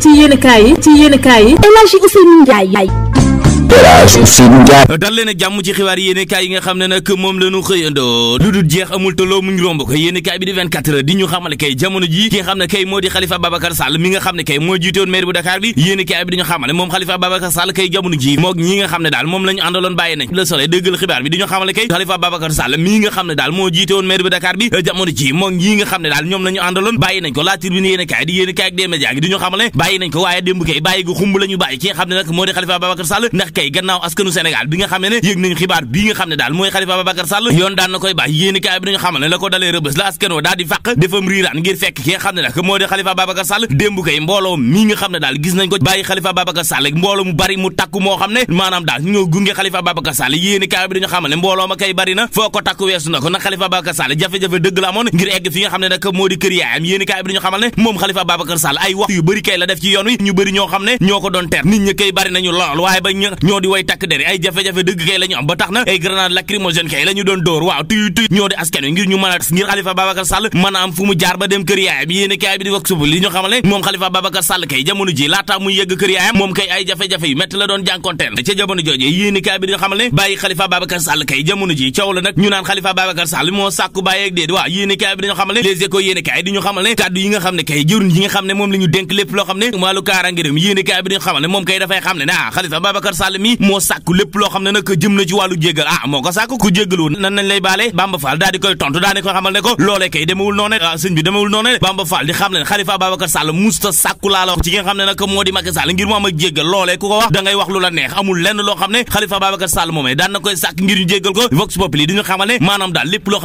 ci yéenekaay yi ci yéenekaay yi El Hadji Ousseynou Ndiaye Elhadj Ousseynou Ndiaye dal leen ak jàmm jamono ji mook ñi nga xam ne moom la ñu àndaloon nañ Le Soleil dëggal xibaar bi di ñu xamal di yéenekaay di ñu xamale bàyyi nañ ko waaye démb kay bàyyi gu xumb la ñu bàyyi ki nga xam ne nag moo di Khalifa kay askanu Sénégal bi nga xam ne yëg nañ xibaar bii nga xam ne daal mooy Khalifa Ababacar Sall wa daal di fàq defam riiraan ngir fekk ki nga xam ne nag moo di Khalifa Ababacar Sall démb kay ay waxtu yu bari kay la def ci yoon wi ñu bari ñoo xam ne ñoo ko doon teer nit ñi kay bari nañu lool waaye ba ñoo di way takk dere a ngir Khalifa Babacar Sall a moom kay ay jafe-jafe yu métti la doon jànkonteel ca jamono jooje yéen kay jamono di ñu xamal ne kàddu yi nga xam ne kay jëruñ yi nga xam ne moom la ñu dénk loo xam ne wàllu kaaraange réew yéen kaay bi di xamal ne moom kay dafay xam ne naa ah Khalifa Babacar Sall Sall mi moo sàkku lépp loo xam ne nag ah, sàkk ko loolee ah, loo xam ne na ko Vox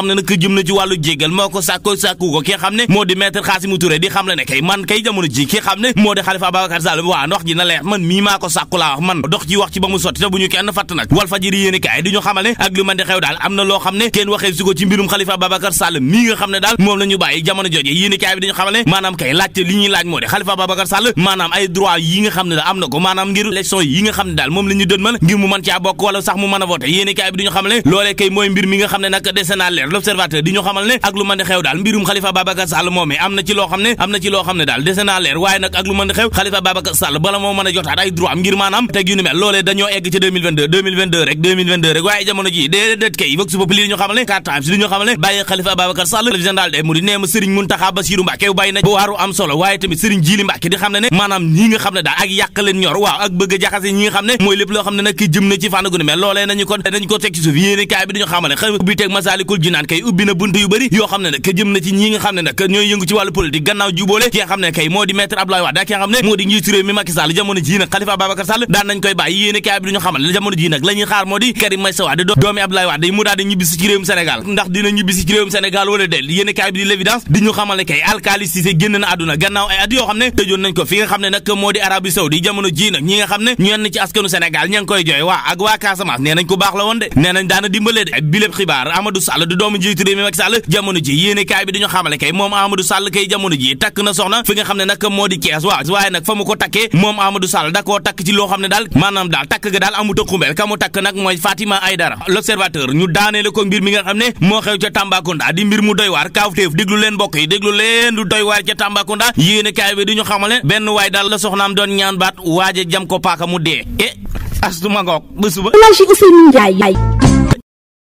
ne ci wàllu jéggal moo ko sàkk koy sàkku ko ki xam ne moo di maître Khassimou Touré di xam le ne kay man kay jamono ji ki xam ne moo di Khalifa Ababacar Sall waa wax ji na leer man mii maa ko sàkku laa wax man dox ci wax ci ba mu sotti te bu ñu kenn fàtt nag wal fajiri yéen i kaay xamal ne ak lu man di xew daal am na loo xam ne kenn waxee si ko ci mbirum Khalifa Babacar Sall mii nga xam ne daal moom la ñu bàyyi ngir mu mën caa bokk wala sax mu mën a voté yéen i bi di xamal ne ak lu man di xew daal mbirum Khalifa Babacar Sall moomee am na ci loo xam ne am na ci loo xam ne daal dese leer waaye nag ak lu mën di xew Khalifa Babacar Sall bala moo mën a jotaat dañoo egg ci 2022 2022 rek 2022 rek waaye jamono ji déedéet kay vox populi li ñu waaye tamit Serigne Djili Mbacké kay ubbi na bunt daan nañ koy bàyyi yéene kaay bi ay at xibaar Amadou Sall du doomu njiitu réew mi Macky Sall jamono ji yéene kaay bi dañu xamale kay moom Amadou Sall kay jamono ji takk na soxna fi nga xam ne nag moo di Kees waaw waaye nag fa mu ko takkee moom Amadou Sall da takk ci loo xam ne daal maanaam daal takk ga daal amuta xumbel ka mu takk nag mooy ay Aydara l'observateur ñu daaneele ko mbir mi nga xam ne moo xew ca Tambacounda di mbir mu doy waar kaawteef déglu leen mbokk yi déglu leen lu doy waar ca Tambacounda yéene kaay bi di ñu xamale benn waay daal la soxnaam doon ñaan baat waaje jam ko paaka mu dee e eh, astuma ngoog ba suba Elhadji Ousseynou Ndiaye